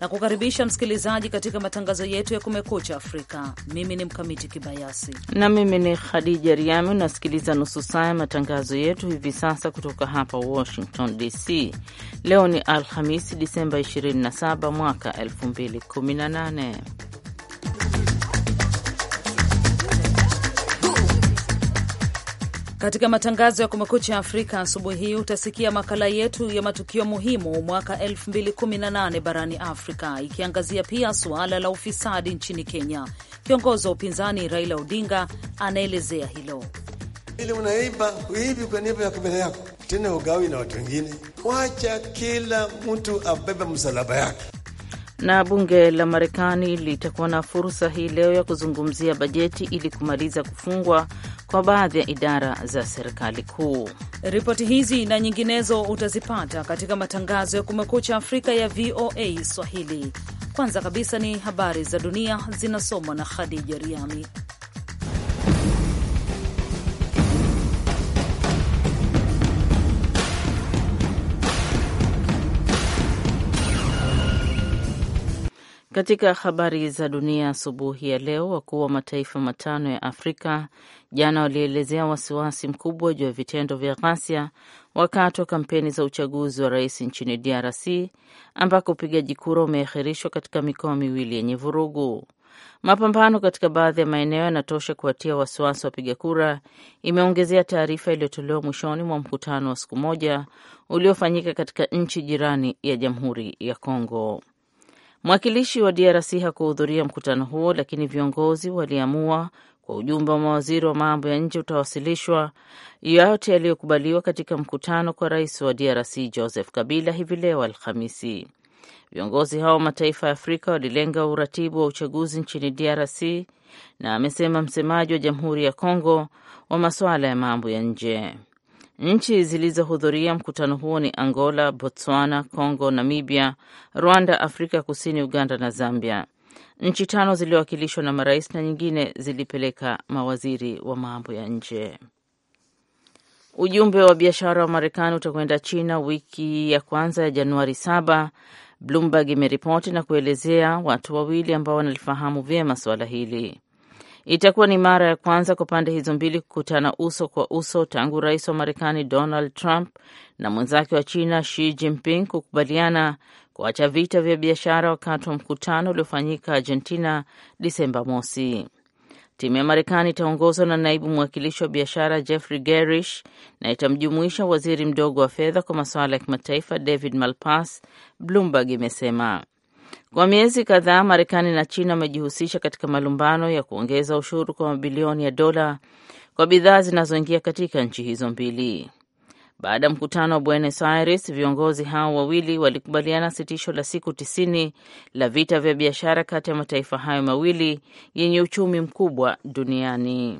na kukaribisha msikilizaji katika matangazo yetu ya Kumekucha Afrika. Mimi ni Mkamiti Kibayasi na mimi ni Khadija Riami. Unasikiliza nusu saa ya matangazo yetu hivi sasa kutoka hapa Washington DC. Leo ni Alhamisi, Disemba 27 mwaka 2018. Katika matangazo ya Kumekucha Afrika asubuhi hii utasikia makala yetu ya matukio muhimu mwaka 2018 barani Afrika, ikiangazia pia suala la ufisadi nchini Kenya. Kiongozi wa upinzani Raila Odinga anaelezea hilo. Ili unaiba uivi kwa niaba ya kabila yako, tena ugawi na watu wengine. Wacha kila mtu abebe msalaba yake. Na bunge la Marekani litakuwa na fursa hii leo ya kuzungumzia bajeti ili kumaliza kufungwa kwa baadhi ya idara za serikali kuu. Ripoti hizi na nyinginezo utazipata katika matangazo ya Kumekucha Afrika ya VOA Swahili. Kwanza kabisa ni habari za dunia zinasomwa na Khadija Riami. Katika habari za dunia asubuhi ya leo, wakuu wa mataifa matano ya Afrika jana walielezea wasiwasi mkubwa juu ya vitendo vya ghasia wakati wa kampeni za uchaguzi wa rais nchini DRC ambako upigaji kura umeahirishwa katika mikoa miwili yenye vurugu. Mapambano katika baadhi ya maeneo yanatosha kuwatia wasiwasi wapiga kura, imeongezea taarifa iliyotolewa mwishoni mwa mkutano wa siku moja uliofanyika katika nchi jirani ya Jamhuri ya Kongo. Mwakilishi wa DRC hakuhudhuria mkutano huo, lakini viongozi waliamua kwa ujumbe wa mawaziri wa mambo ya nje utawasilishwa yote yaliyokubaliwa katika mkutano kwa rais wa DRC Joseph Kabila hivi leo Alhamisi. Viongozi hao mataifa ya Afrika walilenga uratibu wa uchaguzi nchini DRC, na amesema msemaji wa Jamhuri ya Kongo wa masuala ya mambo ya nje. Nchi zilizohudhuria mkutano huo ni Angola, Botswana, Congo, Namibia, Rwanda, Afrika Kusini, Uganda na Zambia. Nchi tano ziliwakilishwa na marais na nyingine zilipeleka mawaziri wa mambo ya nje. Ujumbe wa biashara wa Marekani utakwenda China wiki ya kwanza ya Januari saba, Bloomberg imeripoti na kuelezea watu wawili ambao wanalifahamu vyema suala hili. Itakuwa ni mara ya kwanza kwa pande hizo mbili kukutana uso kwa uso tangu rais wa Marekani Donald Trump na mwenzake wa China Xi Jinping kukubaliana kuacha vita vya biashara wakati wa mkutano uliofanyika Argentina Disemba mosi. Timu ya Marekani itaongozwa na naibu mwakilishi wa biashara Jeffrey Gerish na itamjumuisha waziri mdogo wa fedha kwa masuala ya kimataifa David Malpass, Bloomberg imesema. Kwa miezi kadhaa, Marekani na China wamejihusisha katika malumbano ya kuongeza ushuru kwa mabilioni ya dola kwa bidhaa zinazoingia katika nchi hizo mbili. Baada ya mkutano wa Buenos Aires, viongozi hao wawili walikubaliana sitisho la siku tisini la vita vya biashara kati ya mataifa hayo mawili yenye uchumi mkubwa duniani.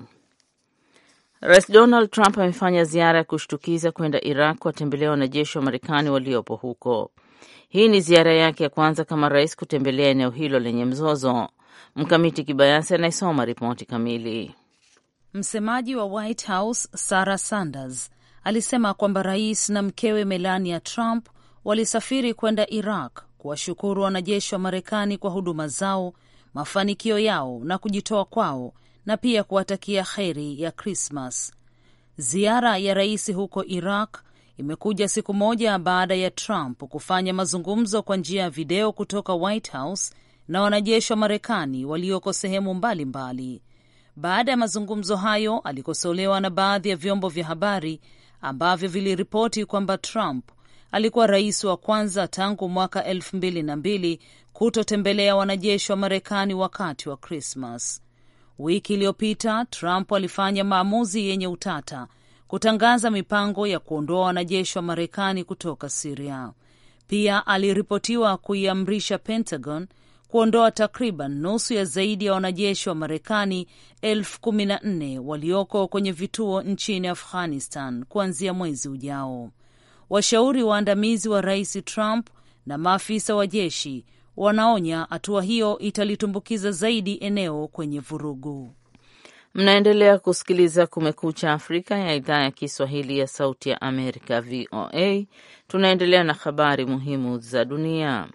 Rais Donald Trump amefanya ziara ya kushtukiza kwenda Iraq kuwatembelea wanajeshi wa Marekani waliopo huko. Hii ni ziara yake ya kwanza kama rais kutembelea eneo hilo lenye mzozo. Mkamiti Kibayasi anayesoma ripoti kamili. Msemaji wa White House Sarah Sanders alisema kwamba rais na mkewe Melania Trump walisafiri kwenda Iraq kuwashukuru wanajeshi wa Marekani kwa huduma zao, mafanikio yao na kujitoa kwao, na pia kuwatakia heri ya Krismas. Ziara ya rais huko Iraq imekuja siku moja baada ya Trump kufanya mazungumzo kwa njia ya video kutoka White House na wanajeshi wa Marekani walioko sehemu mbalimbali. Baada ya mazungumzo hayo, alikosolewa na baadhi ya vyombo vya habari ambavyo viliripoti kwamba Trump alikuwa rais wa kwanza tangu mwaka elfu mbili na mbili kutotembelea wanajeshi wa Marekani wakati wa Krismas. Wiki iliyopita Trump alifanya maamuzi yenye utata kutangaza mipango ya kuondoa wanajeshi wa Marekani kutoka Siria. Pia aliripotiwa kuiamrisha Pentagon kuondoa takriban nusu ya zaidi ya wanajeshi wa Marekani elfu kumi na nne walioko kwenye vituo nchini Afghanistan kuanzia mwezi ujao. Washauri waandamizi wa rais Trump na maafisa wa jeshi wanaonya hatua hiyo italitumbukiza zaidi eneo kwenye vurugu. Mnaendelea kusikiliza Kumekucha Afrika ya idhaa ya Kiswahili ya Sauti ya Amerika, VOA. Tunaendelea na habari muhimu za dunia.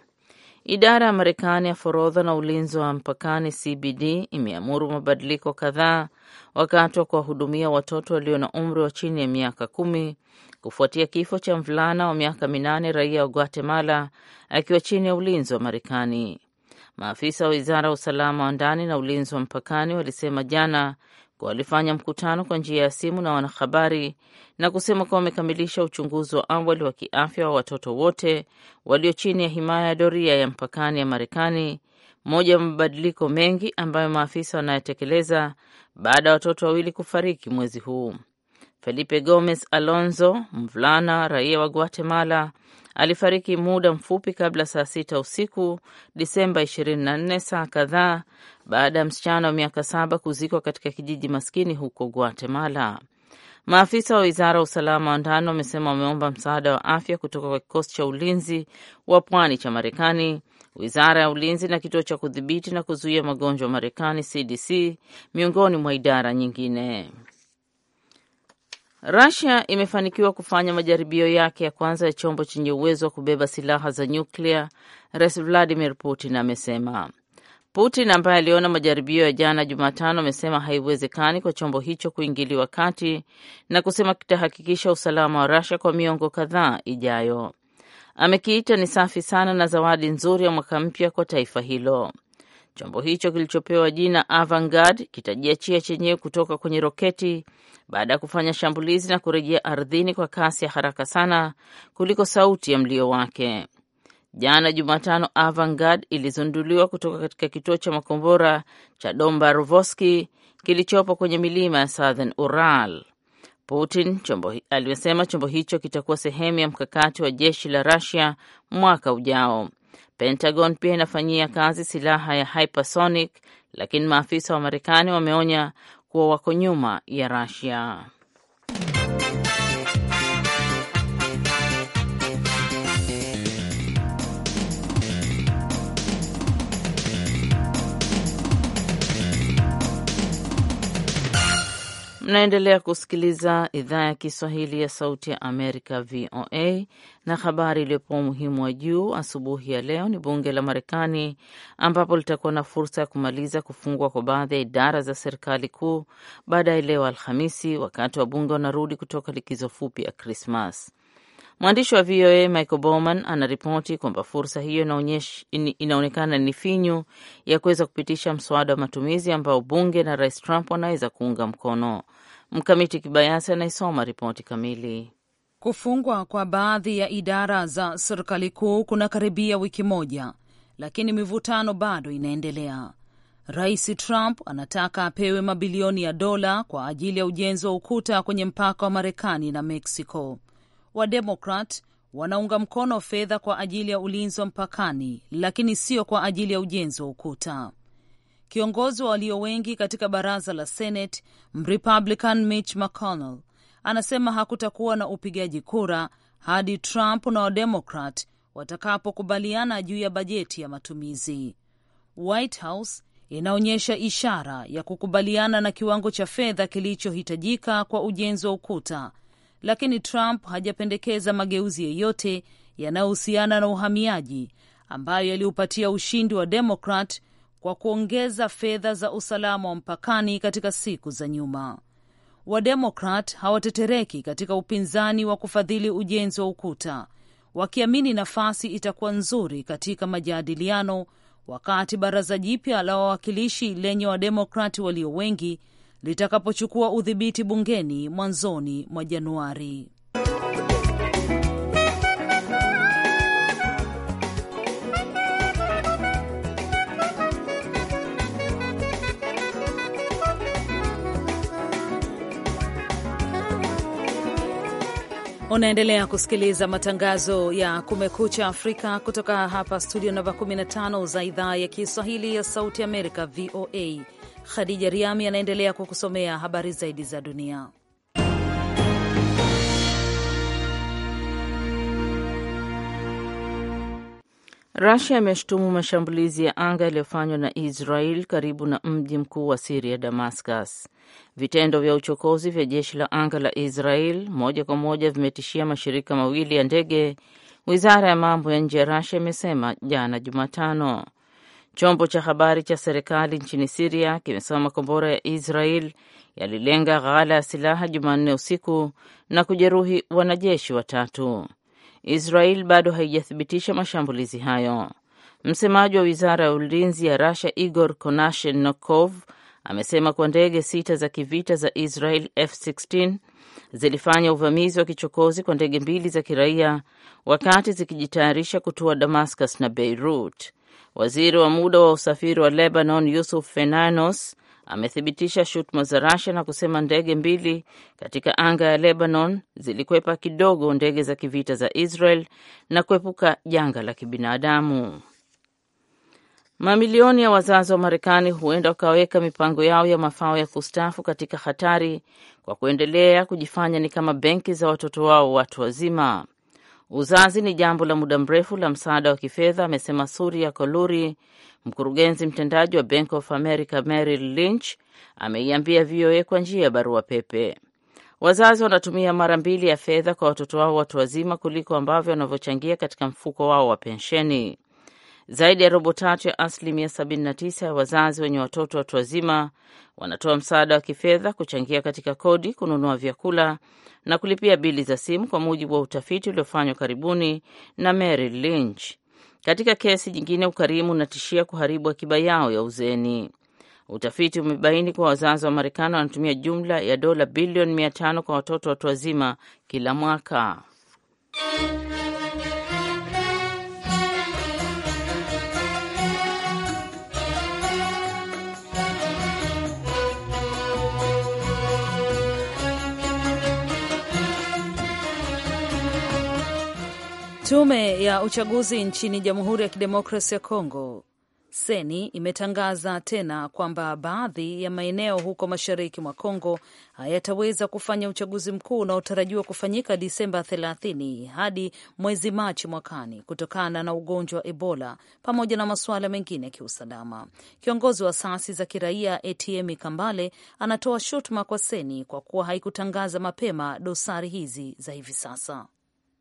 Idara ya Marekani ya forodha na ulinzi wa mpakani CBD imeamuru mabadiliko kadhaa wakati wa kuwahudumia watoto walio na umri wa chini ya miaka kumi kufuatia kifo cha mvulana wa miaka minane raia wa Guatemala akiwa chini ya ulinzi wa Marekani. Maafisa wa wizara ya usalama wa ndani na ulinzi wa mpakani walisema jana kuwa walifanya mkutano kwa njia ya simu na wanahabari na kusema kuwa wamekamilisha uchunguzi wa awali wa kiafya wa watoto wote walio chini ya himaya ya doria ya mpakani ya Marekani, moja ya mabadiliko mengi ambayo maafisa wanayotekeleza baada ya watoto wawili kufariki mwezi huu. Felipe Gomez Alonso, mvulana raia wa Guatemala alifariki muda mfupi kabla saa sita usiku Disemba 24, saa kadhaa baada ya msichana wa miaka saba kuzikwa katika kijiji maskini huko Guatemala. Maafisa wa wizara ya usalama wa ndani wamesema wameomba msaada wa afya kutoka kwa kikosi cha ulinzi wa pwani cha Marekani, wizara ya ulinzi na kituo cha kudhibiti na kuzuia magonjwa Marekani, CDC, miongoni mwa idara nyingine. Russia imefanikiwa kufanya majaribio yake ya kwanza ya chombo chenye uwezo wa kubeba silaha za nyuklia, Rais Vladimir Putin amesema. Putin ambaye aliona majaribio ya jana Jumatano amesema haiwezekani kwa chombo hicho kuingiliwa kati na kusema kitahakikisha usalama wa Russia kwa miongo kadhaa ijayo. Amekiita ni safi sana na zawadi nzuri ya mwaka mpya kwa taifa hilo. Chombo hicho kilichopewa jina Avangard kitajiachia chenyewe kutoka kwenye roketi baada ya kufanya shambulizi na kurejea ardhini kwa kasi ya haraka sana kuliko sauti ya mlio wake. Jana Jumatano, Avangard ilizunduliwa kutoka katika kituo cha makombora cha Dombarovoski kilichopo kwenye milima ya Southern Ural. Putin chombo, aliyosema chombo hicho kitakuwa sehemu ya mkakati wa jeshi la rasia mwaka ujao. Pentagon pia inafanyia kazi silaha ya hypersonic, lakini maafisa wa Marekani wameonya kuwa wako nyuma ya Russia. Mnaendelea kusikiliza idhaa ya Kiswahili ya Sauti ya Amerika, VOA, na habari iliyopewa umuhimu wa juu asubuhi ya leo ni bunge la Marekani ambapo litakuwa na fursa ya kumaliza kufungwa kwa baadhi ya idara za serikali kuu baadaye leo Alhamisi, wakati wa bunge wanarudi kutoka likizo fupi ya Krismas. Mwandishi wa VOA Michael Bowman anaripoti kwamba fursa hiyo inaonekana ni finyu ya kuweza kupitisha mswada wa matumizi ambao bunge na Rais Trump wanaweza kuunga mkono. Mkamiti Kibayasi anaisoma ripoti kamili. Kufungwa kwa baadhi ya idara za serikali kuu kuna karibia wiki moja, lakini mivutano bado inaendelea. Rais Trump anataka apewe mabilioni ya dola kwa ajili ya ujenzi wa ukuta kwenye mpaka wa Marekani na Meksiko. Wademokrat wanaunga mkono fedha kwa ajili ya ulinzi wa mpakani, lakini sio kwa ajili ya ujenzi wa ukuta. Kiongozi wa walio wengi katika baraza la Senate, Mrepublican Mitch McConnell anasema hakutakuwa na upigaji kura hadi Trump na Wademokrat watakapokubaliana juu ya bajeti ya matumizi. White House inaonyesha ishara ya kukubaliana na kiwango cha fedha kilichohitajika kwa ujenzi wa ukuta, lakini Trump hajapendekeza mageuzi yeyote yanayohusiana na uhamiaji ambayo yaliupatia ushindi wa Demokrat kwa kuongeza fedha za usalama wa mpakani katika siku za nyuma. Wademokrat hawatetereki katika upinzani wa kufadhili ujenzi wa ukuta, wakiamini nafasi itakuwa nzuri katika majadiliano wakati baraza jipya la wawakilishi lenye wademokrati walio wengi litakapochukua udhibiti bungeni mwanzoni mwa Januari. Unaendelea kusikiliza matangazo ya Kumekucha Afrika kutoka hapa studio namba 15 za idhaa ya Kiswahili ya Sauti Amerika, VOA. Khadija Riami anaendelea kukusomea habari zaidi za dunia. Rasia imeshutumu mashambulizi ya anga yaliyofanywa na Israel karibu na mji mkuu wa Siria, Damascus. Vitendo vya uchokozi vya jeshi la anga la Israel moja kwa moja vimetishia mashirika mawili ya ndege, wizara ya mambo ya nje ya Rasia imesema jana Jumatano. Chombo cha habari cha serikali nchini Siria kimesema makombora ya Israel yalilenga ghala ya silaha Jumanne usiku na kujeruhi wanajeshi watatu. Israel bado haijathibitisha mashambulizi hayo. Msemaji wa wizara ya ulinzi ya rasha Igor Konashenkov amesema kuwa ndege sita za kivita za Israel F16 zilifanya uvamizi wa kichokozi kwa ndege mbili za kiraia wakati zikijitayarisha kutua Damascus na Beirut. Waziri wa muda wa usafiri wa Lebanon Yusuf Fenanos amethibitisha shutuma za rasha na kusema ndege mbili katika anga ya Lebanon zilikwepa kidogo ndege za kivita za Israel na kuepuka janga la kibinadamu. Mamilioni ya wazazi wa Marekani huenda wakaweka mipango yao ya mafao ya kustaafu katika hatari kwa kuendelea kujifanya ni kama benki za watoto wao watu wazima. Uzazi ni jambo la muda mrefu la msaada wa kifedha, amesema Surya Koluri, mkurugenzi mtendaji wa Bank of America Merrill Lynch, ameiambia VOA kwa njia ya barua pepe. Wazazi wanatumia mara mbili ya fedha kwa watoto wao watu wazima kuliko ambavyo wanavyochangia katika mfuko wao wa pensheni. Zaidi ya robo tatu ya asilimia 79 ya wazazi wenye watoto watu wazima wanatoa msaada wa kifedha kuchangia katika kodi, kununua vyakula na kulipia bili za simu, kwa mujibu wa utafiti uliofanywa karibuni na mary Lynch. Katika kesi nyingine, ukarimu unatishia kuharibu akiba yao ya uzeeni. Utafiti umebaini kuwa wazazi wa Marekani wanatumia jumla ya dola bilioni 500 kwa watoto watu wazima kila mwaka. Tume ya uchaguzi nchini Jamhuri ya Kidemokrasi ya Kongo Seni imetangaza tena kwamba baadhi ya maeneo huko mashariki mwa Kongo hayataweza kufanya uchaguzi mkuu unaotarajiwa kufanyika Disemba 30 hadi mwezi Machi mwakani kutokana na ugonjwa wa Ebola pamoja na masuala mengine ya kiusalama. Kiongozi wa asasi za kiraia ATM Kambale anatoa shutuma kwa Seni kwa kuwa haikutangaza mapema dosari hizi za hivi sasa.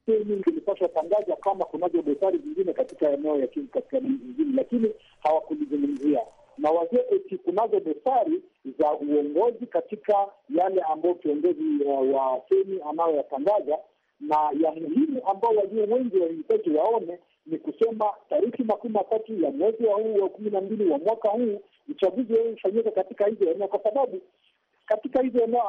Kenya ilipaswa tangaza kama kunazo dosari zingine katika eneo ya Kivu Kaskazini zingine, lakini hawakulizungumzia na wazee eti kunazo dosari za uongozi katika yale ambayo kiongozi uh, wa seni anayoyatangaza na ya muhimu ambao walio wengi wahitaji waone ni kusema tarifi makumi matatu ya mwezi wa huu wa kumi na mbili wa mwaka huu uchaguzi ufanyika katika hizo eneo, kwa sababu katika hizo eneo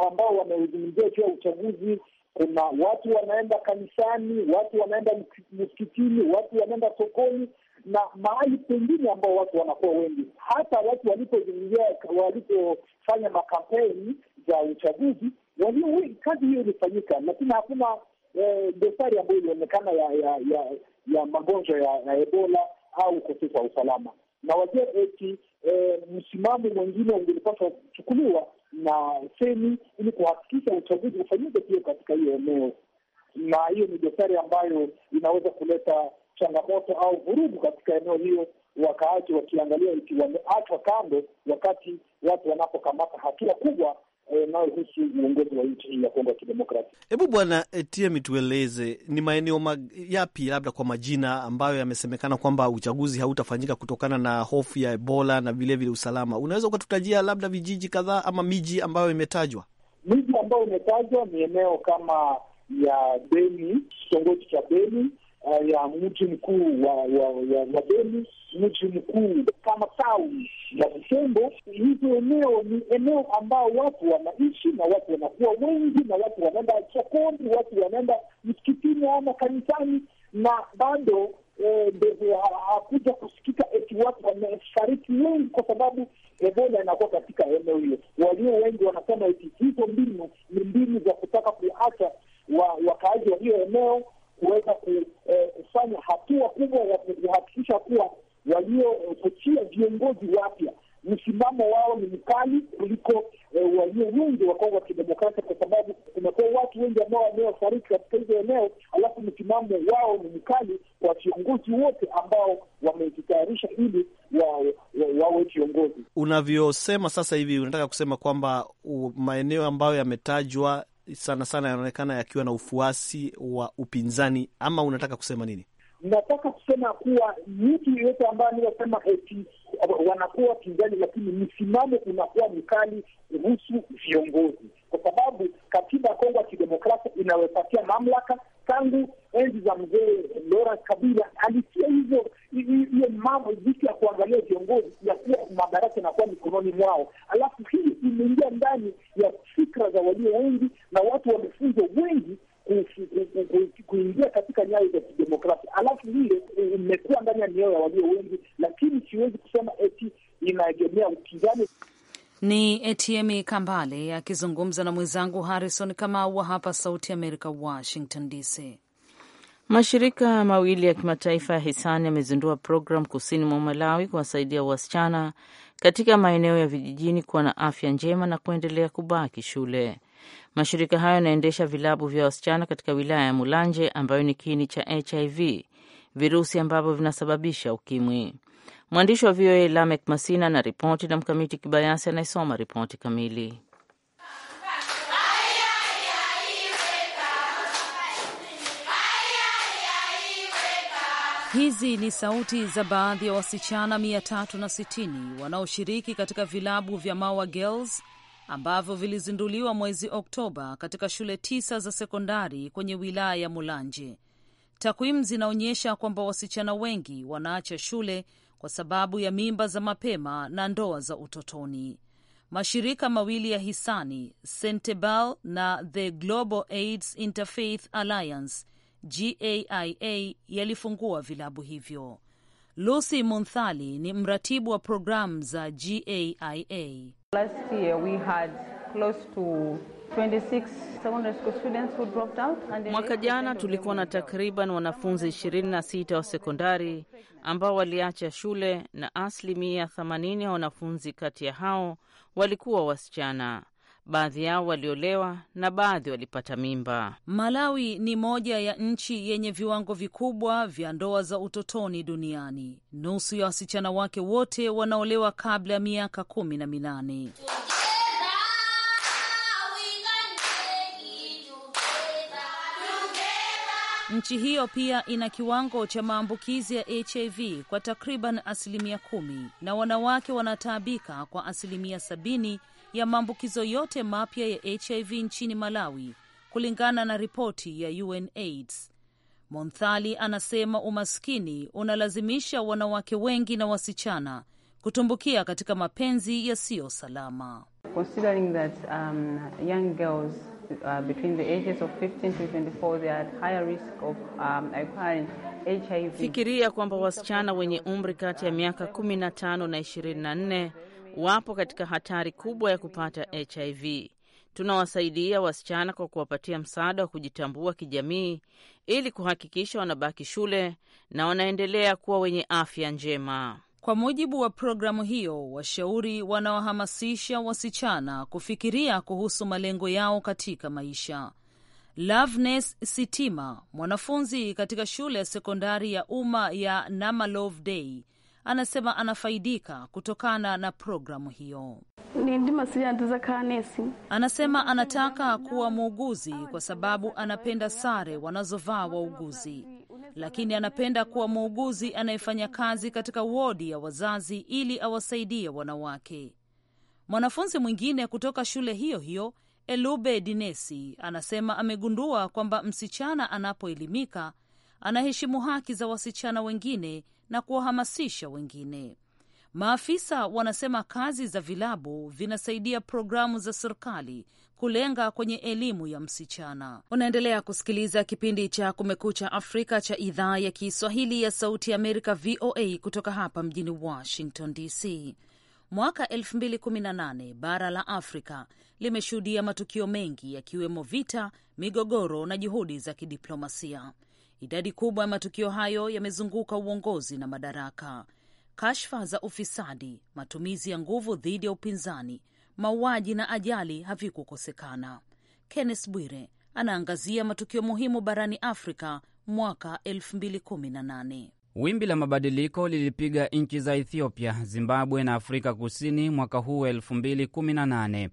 ambao wameuzungumzia juu ya uchaguzi kuna watu wanaenda kanisani, watu wanaenda msikitini, watu wanaenda sokoni na mahali pengine ambao watu wanakuwa wengi. Hata watu walipozungumzia walipofanya makampeni za uchaguzi, kazi hiyo ilifanyika, lakini hakuna eh, dosari ambayo ilionekana ya ya, ya, ya magonjwa ya, ya Ebola au ukosefu wa usalama. Na wazee eti eh, msimamo mwingine ungelipaswa kuchukuliwa na seni ili kuhakikisha uchaguzi ufanyike pia katika hiyo eneo, na hiyo ni dosari ambayo inaweza kuleta changamoto au vurugu katika eneo hiyo, wakaaji wakiangalia ikiwameachwa kando, wakati watu wanapokamata hatua kubwa inayohusu eh, uongozi wa nchi hii ya Kongo ya Kidemokrasi. Hebu Bwana Etiemi, tueleze ni maeneo yapi labda kwa majina ambayo yamesemekana kwamba uchaguzi hautafanyika kutokana na hofu ya Ebola na vilevile usalama. Unaweza ukatutajia labda vijiji kadhaa ama miji ambayo imetajwa? Miji ambayo imetajwa ni eneo kama ya Beni, kitongoji cha Beni Eh, ya mji mkuu wa wa, wa mji mkuu kama tawi ya Butembo. Hivyo eneo ni eneo ambao watu wanaishi na watu wanakuwa wengi, na watu wanaenda sokoni, watu wanaenda msikitini ama kanisani, na bado hakuja eh, kusikika eti watu wamefariki wengi kwa sababu Ebola inakuwa katika eneo hilo. Walio wengi wanasema eti hizo mbinu ni mbinu za kutaka kuacha wakaaji wa hiyo eneo kuweza eh, kufanya hatua kubwa ya kuhakikisha kuwa waliochochea eh, viongozi wapya msimamo wao ni mkali kuliko eh, walio wengi wa Kongo ya Kidemokrasia, kwa sababu kunakuwa watu wengi ambao wamewafariki katika hizo eneo, alafu msimamo wao ni mkali kwa viongozi wote ambao wamejitayarisha ili wawe viongozi. Unavyosema sasa hivi, unataka kusema kwamba maeneo ambayo yametajwa sana sana yanaonekana yakiwa na ufuasi wa upinzani, ama unataka kusema nini? Nataka kusema kuwa mtu yeyote ambayo anayosema eti wanakuwa wapinzani, lakini msimamo unakuwa mkali kuhusu viongozi, kwa sababu katiba ya Kongo ya kidemokrasia inawepatia mamlaka tangu enzi za mzee Lora Kabila alitia hizo hiyo mambo vitu ya kuangalia viongozi ya kuwa madaraka mikononi mwao, alafu hii imeingia ndani ya fikra za walio wengi na watu wamefunzwa wengi kuingia katika nyayo za kidemokrasia, alafu ile e, imekuwa ndani ya mioyo ya walio wengi, lakini siwezi kusema eti inaegemea upinzani. Ni ATM Kambale akizungumza na mwenzangu Harrison Kamau wa hapa Sauti Amerika, Washington DC. Mashirika mawili ya kimataifa ya hisani yamezindua programu kusini mwa Malawi kuwasaidia wasichana katika maeneo ya vijijini kuwa na afya njema na kuendelea kubaki shule. Mashirika hayo yanaendesha vilabu vya wasichana katika wilaya ya Mulanje ambayo ni kiini cha HIV, virusi ambavyo vinasababisha ukimwi. Mwandishi wa VOA Lamek Masina na ripoti na Mkamiti Kibayasi anayesoma ripoti kamili. Hizi ni sauti za baadhi ya wasichana 360 wanaoshiriki katika vilabu vya Mawa Girls ambavyo vilizinduliwa mwezi Oktoba katika shule tisa za sekondari kwenye wilaya ya Mulanje. Takwimu zinaonyesha kwamba wasichana wengi wanaacha shule kwa sababu ya mimba za mapema na ndoa za utotoni. Mashirika mawili ya hisani Sentebal na The Global AIDS Interfaith Alliance GAIA yalifungua vilabu hivyo. Lucy Munthali ni mratibu wa programu za GAIA. Last year we had close to 26 secondary school students who dropped out. And mwaka jana tulikuwa na takriban wanafunzi 26 wa sekondari ambao waliacha shule na asilimia 80 ya wanafunzi kati ya hao walikuwa wasichana baadhi yao waliolewa na baadhi walipata mimba. Malawi ni moja ya nchi yenye viwango vikubwa vya ndoa za utotoni duniani. Nusu ya wasichana wake wote wanaolewa kabla ya miaka kumi na minane. Nchi hiyo pia ina kiwango cha maambukizi ya HIV kwa takriban asilimia kumi na wanawake wanataabika kwa asilimia sabini ya maambukizo yote mapya ya HIV nchini Malawi, kulingana na ripoti ya UNAIDS. Monthali anasema umaskini unalazimisha wanawake wengi na wasichana kutumbukia katika mapenzi yasiyo salama. Um, uh, um, Fikiria kwamba wasichana wenye umri kati ya miaka 15 na 24 wapo katika hatari kubwa ya kupata HIV. Tunawasaidia wasichana kwa kuwapatia msaada wa kujitambua kijamii ili kuhakikisha wanabaki shule na wanaendelea kuwa wenye afya njema. Kwa mujibu wa programu hiyo, washauri wanaohamasisha wasichana kufikiria kuhusu malengo yao katika maisha. Loveness Sitima, mwanafunzi katika shule ya sekondari ya umma ya Namalove Day, anasema anafaidika kutokana na programu hiyo. Anasema anataka kuwa muuguzi kwa sababu anapenda sare wanazovaa wauguzi, lakini anapenda kuwa muuguzi anayefanya kazi katika wodi ya wazazi ili awasaidie wanawake. Mwanafunzi mwingine kutoka shule hiyo hiyo Elube Dinesi anasema amegundua kwamba msichana anapoelimika anaheshimu haki za wasichana wengine na kuwahamasisha wengine. Maafisa wanasema kazi za vilabu vinasaidia programu za serikali kulenga kwenye elimu ya msichana. Unaendelea kusikiliza kipindi cha Kumekucha Afrika cha idhaa ya Kiswahili ya Sauti ya Amerika, VOA, kutoka hapa mjini Washington DC. Mwaka 2018 bara la Afrika limeshuhudia matukio mengi yakiwemo vita, migogoro na juhudi za kidiplomasia. Idadi kubwa ya matukio hayo yamezunguka uongozi na madaraka, kashfa za ufisadi, matumizi ya nguvu dhidi ya upinzani, mauaji na ajali havikukosekana. Kenneth Bwire anaangazia matukio muhimu barani Afrika mwaka 2018. Wimbi la mabadiliko lilipiga nchi za Ethiopia, Zimbabwe na Afrika Kusini mwaka huu 2018.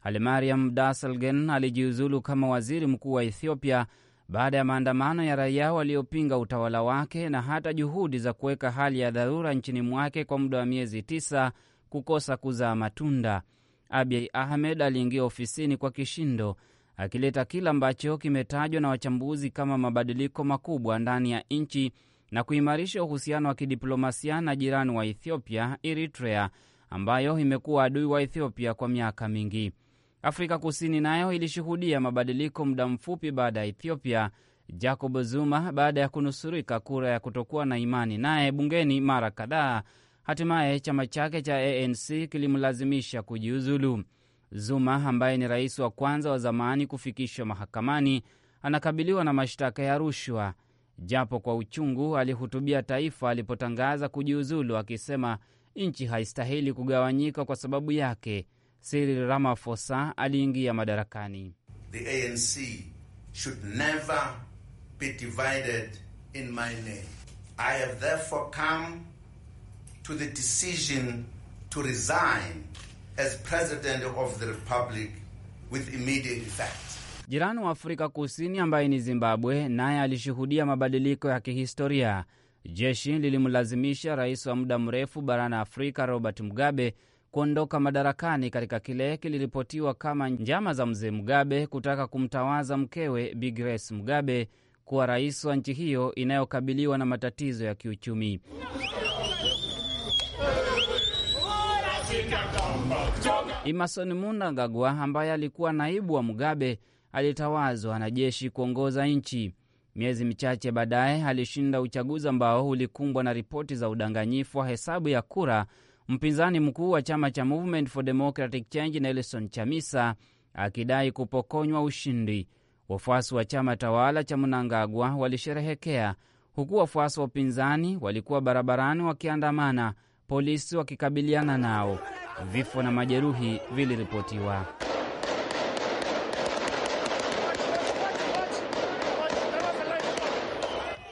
Hailemariam Desalegn alijiuzulu kama waziri mkuu wa Ethiopia baada ya maandamano ya raia waliopinga utawala wake na hata juhudi za kuweka hali ya dharura nchini mwake kwa muda wa miezi tisa kukosa kuzaa matunda. Abiy Ahmed aliingia ofisini kwa kishindo, akileta kile ambacho kimetajwa na wachambuzi kama mabadiliko makubwa ndani ya nchi na kuimarisha uhusiano wa kidiplomasia na jirani wa Ethiopia, Eritrea, ambayo imekuwa adui wa Ethiopia kwa miaka mingi. Afrika Kusini nayo ilishuhudia mabadiliko muda mfupi baada ya Ethiopia, Jacob Zuma baada ya kunusurika kura ya kutokuwa na imani naye bungeni mara kadhaa, hatimaye chama chake cha ANC kilimlazimisha kujiuzulu. Zuma ambaye ni rais wa kwanza wa zamani kufikishwa mahakamani anakabiliwa na mashtaka ya rushwa. Japo kwa uchungu, alihutubia taifa alipotangaza kujiuzulu, akisema nchi haistahili kugawanyika kwa sababu yake. Cyril Ramaphosa aliingia madarakani. The ANC should never be divided in my name. I have therefore come to the decision to resign as president of the republic with immediate effect. Jirani wa Afrika Kusini ambaye ni Zimbabwe naye alishuhudia mabadiliko ya kihistoria. Jeshi lilimlazimisha rais wa muda mrefu barani Afrika Robert Mugabe kuondoka madarakani katika kile kiliripotiwa kama njama za mzee Mugabe kutaka kumtawaza mkewe Bi Grace Mugabe kuwa rais wa nchi hiyo inayokabiliwa na matatizo ya kiuchumi. Emerson Mnangagwa ambaye alikuwa naibu wa Mugabe alitawazwa na jeshi kuongoza nchi. Miezi michache baadaye alishinda uchaguzi ambao ulikumbwa na ripoti za udanganyifu wa hesabu ya kura mpinzani mkuu wa chama cha Movement for Democratic Change Nelson Chamisa akidai kupokonywa ushindi. Wafuasi wa chama tawala cha Mnangagwa walisherehekea huku wafuasi wa upinzani walikuwa barabarani wakiandamana, polisi wakikabiliana nao. Vifo na majeruhi viliripotiwa.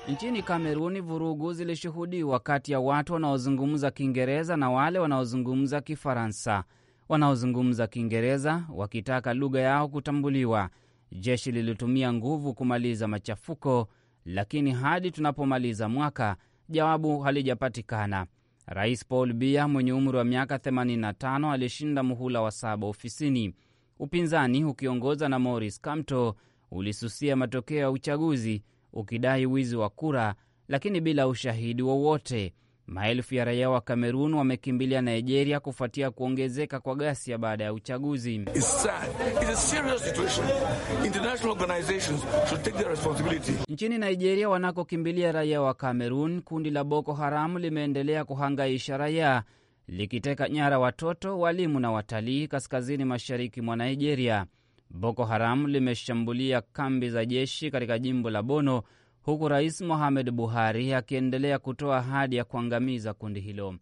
Nchini Kameruni vurugu zilishuhudiwa kati ya watu wanaozungumza Kiingereza na wale wanaozungumza Kifaransa, wanaozungumza Kiingereza wakitaka lugha yao kutambuliwa. Jeshi lilitumia nguvu kumaliza machafuko, lakini hadi tunapomaliza mwaka jawabu halijapatikana. Rais Paul Biya mwenye umri wa miaka 85 alishinda muhula wa saba ofisini. Upinzani ukiongoza na Maurice Kamto ulisusia matokeo ya uchaguzi ukidai wizi wa kura, lakini bila ushahidi wowote. Maelfu ya raia wa Kamerun wamekimbilia Nigeria kufuatia kuongezeka kwa ghasia baada ya uchaguzi. Nchini Nigeria wanakokimbilia raia wa Kamerun, kundi la Boko Haramu limeendelea kuhangaisha raia likiteka nyara watoto, walimu na watalii kaskazini mashariki mwa Nigeria. Boko Haram limeshambulia kambi za jeshi katika jimbo la Bono, huku Rais Mohamed Buhari akiendelea kutoa ahadi ya kuangamiza kundi hilo.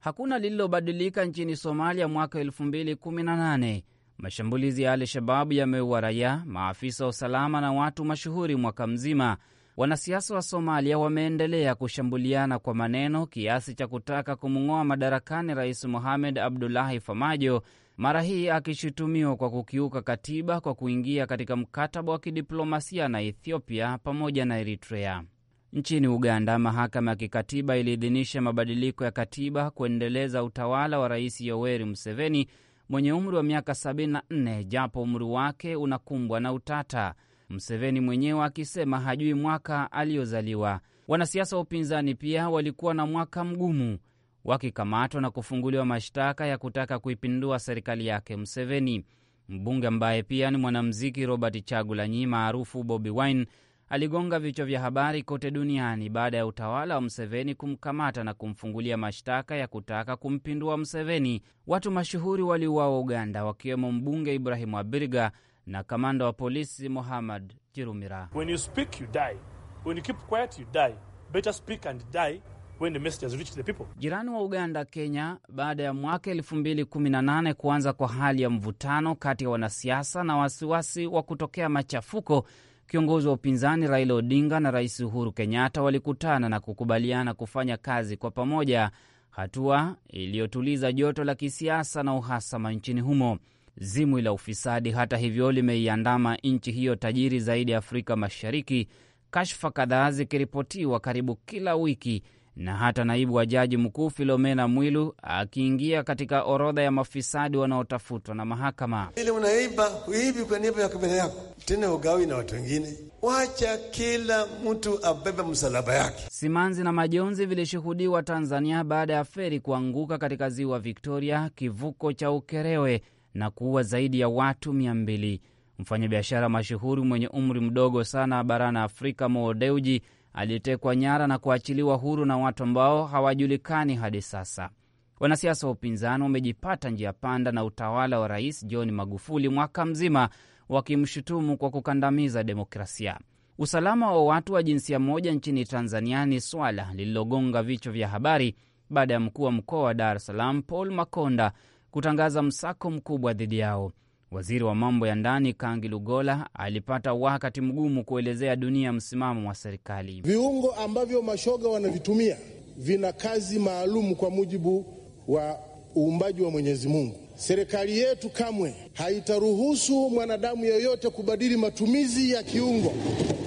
Hakuna lililobadilika nchini Somalia mwaka 2018. Mashambulizi ya Al-Shababu yameua raia, maafisa wa usalama na watu mashuhuri mwaka mzima Wanasiasa wa Somalia wameendelea kushambuliana kwa maneno kiasi cha kutaka kumng'oa madarakani Rais Mohamed Abdullahi Famajo, mara hii akishutumiwa kwa kukiuka katiba kwa kuingia katika mkataba wa kidiplomasia na Ethiopia pamoja na Eritrea. Nchini Uganda, mahakama ya kikatiba iliidhinisha mabadiliko ya katiba kuendeleza utawala wa Rais Yoweri Museveni mwenye umri wa miaka 74 japo umri wake unakumbwa na utata. Mseveni mwenyewe akisema hajui mwaka aliyozaliwa. Wanasiasa wa upinzani pia walikuwa na mwaka mgumu wakikamatwa na kufunguliwa mashtaka ya kutaka kuipindua serikali yake Mseveni. Mbunge ambaye pia ni mwanamuziki Robert Chagulanyi maarufu Bobi Wine aligonga vichwa vya habari kote duniani baada ya utawala wa Mseveni kumkamata na kumfungulia mashtaka ya kutaka kumpindua Mseveni. Watu mashuhuri waliuawa Uganda, wakiwemo mbunge Ibrahimu Abiriga na kamanda wa polisi Muhammad Jirumira. When you speak, you die. When you keep quiet, you die. Better speak and die. When the message the people. Jirani wa Uganda, Kenya, baada ya mwaka 2018 kuanza kwa hali ya mvutano kati ya wanasiasa na wasiwasi wa kutokea machafuko, kiongozi wa upinzani Raila Odinga na Rais Uhuru Kenyatta walikutana na kukubaliana kufanya kazi kwa pamoja, hatua iliyotuliza joto la kisiasa na uhasama nchini humo. Zimwi la ufisadi, hata hivyo, limeiandama nchi hiyo tajiri zaidi ya Afrika Mashariki, kashfa kadhaa zikiripotiwa karibu kila wiki, na hata naibu wa jaji mkuu Filomena Mwilu akiingia katika orodha ya mafisadi wanaotafutwa na mahakama. Ile unaiba uibi kwa niaba ya kabila yako, tena ugawi na watu wengine. Wacha kila mtu abebe msalaba yake. Simanzi na majonzi vilishuhudiwa Tanzania baada ya feri kuanguka katika ziwa Victoria, kivuko cha Ukerewe na kuua zaidi ya watu mbili. Mfanyabiashara mashuhuri mwenye umri mdogo sana barani Afrika, Mo Dewji, aliyetekwa nyara na kuachiliwa huru na watu ambao hawajulikani hadi sasa. Wanasiasa wa upinzani wamejipata njia panda na utawala wa Rais John Magufuli mwaka mzima wakimshutumu kwa kukandamiza demokrasia. Usalama wa watu wa jinsia moja nchini Tanzania ni swala lililogonga vichwa vya habari baada ya mkuu wa mkoa wa Dar es Salaam Paul Makonda kutangaza msako mkubwa dhidi yao. Waziri wa mambo ya ndani Kangi Lugola alipata wakati mgumu kuelezea dunia msimamo wa serikali. Viungo ambavyo mashoga wanavitumia vina kazi maalum kwa mujibu wa uumbaji wa Mwenyezi Mungu. Serikali yetu kamwe haitaruhusu mwanadamu yeyote kubadili matumizi ya kiungo.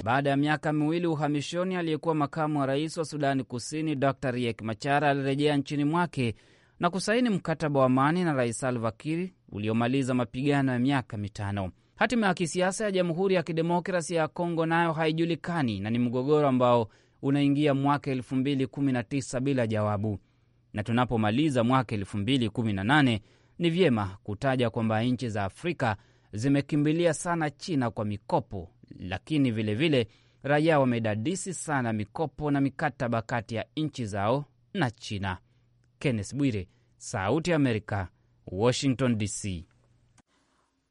Baada ya miaka miwili uhamishoni, aliyekuwa makamu wa rais wa Sudani Kusini Dr Riek Machar alirejea nchini mwake na kusaini mkataba wa amani na Rais Salva Kiir uliomaliza mapigano ya miaka mitano. Hatima ya kisiasa ya Jamhuri ya Kidemokrasia ya Kongo nayo haijulikani na ni mgogoro ambao unaingia mwaka 2019 bila jawabu, na tunapomaliza mwaka 2018 ni vyema kutaja kwamba nchi za Afrika zimekimbilia sana China kwa mikopo, lakini vilevile raia wamedadisi sana mikopo na mikataba kati ya nchi zao na China. Kenneth Bwire, Sauti Amerika, Washington DC.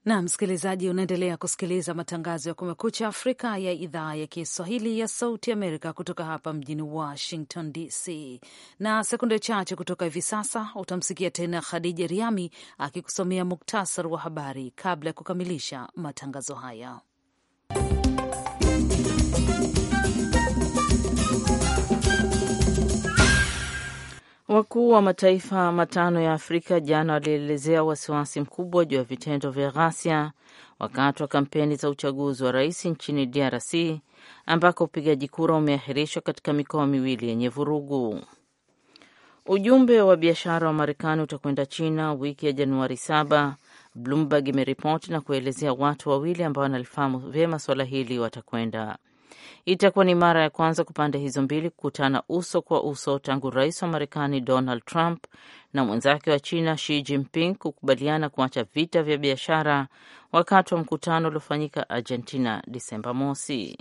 Na msikilizaji, unaendelea kusikiliza matangazo ya Kumekucha Afrika ya idhaa ya Kiswahili ya Sauti Amerika kutoka hapa mjini Washington DC. Na sekunde chache kutoka hivi sasa utamsikia tena Khadija Riami akikusomea muktasar wa habari kabla ya kukamilisha matangazo haya. Wakuu wa mataifa matano ya Afrika jana walielezea wasiwasi mkubwa juu ya vitendo vya ghasia wakati wa kampeni za uchaguzi wa rais nchini DRC ambako upigaji kura umeahirishwa katika mikoa miwili yenye vurugu. Ujumbe wa biashara wa Marekani utakwenda China wiki ya Januari saba, Bloomberg imeripoti na kuelezea watu wawili ambao wanalifahamu vyema swala hili watakwenda. Itakuwa ni mara ya kwanza kwa pande hizo mbili kukutana uso kwa uso tangu rais wa Marekani Donald Trump na mwenzake wa China Xi Jinping kukubaliana kuacha vita vya biashara wakati wa mkutano uliofanyika Argentina disemba mosi.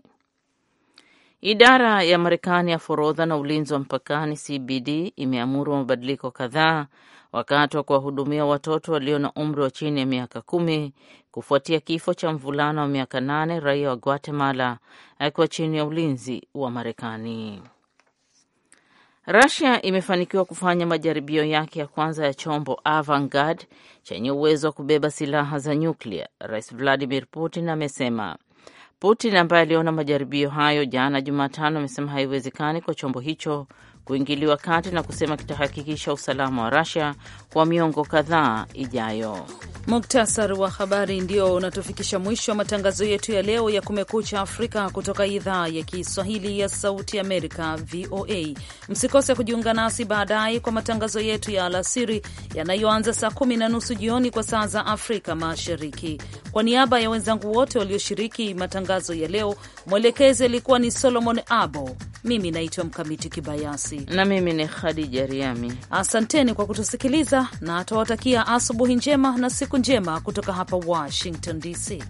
Idara ya Marekani ya forodha na ulinzi wa mpakani CBD imeamuru mabadiliko kadhaa wakati wa kuwahudumia watoto walio na umri wa chini ya miaka kumi kufuatia kifo cha mvulana wa miaka nane raia wa Guatemala akiwa eh, chini ya ulinzi wa Marekani. rasia imefanikiwa kufanya majaribio yake ya kwanza ya chombo Avangard chenye uwezo wa kubeba silaha za nyuklia. Rais Vladimir Putin amesema. Putin ambaye aliona majaribio hayo jana Jumatano amesema haiwezekani kwa chombo hicho kuingiliwa kati na kusema kitahakikisha usalama wa rusia kwa miongo kadhaa ijayo. Muktasar wa habari ndio unatufikisha mwisho wa matangazo yetu ya leo ya Kumekucha Afrika kutoka idhaa ya Kiswahili ya Sauti Amerika, VOA. Msikose kujiunga nasi baadaye kwa matangazo yetu ya alasiri yanayoanza saa kumi na nusu jioni kwa saa za Afrika Mashariki. Kwa niaba ya wenzangu wote walioshiriki matangazo ya leo Mwelekezi alikuwa ni Solomon Abo. Mimi naitwa Mkamiti Kibayasi na mimi ni Khadija Riami. Asanteni kwa kutusikiliza na tuwatakia asubuhi njema na siku njema kutoka hapa Washington DC.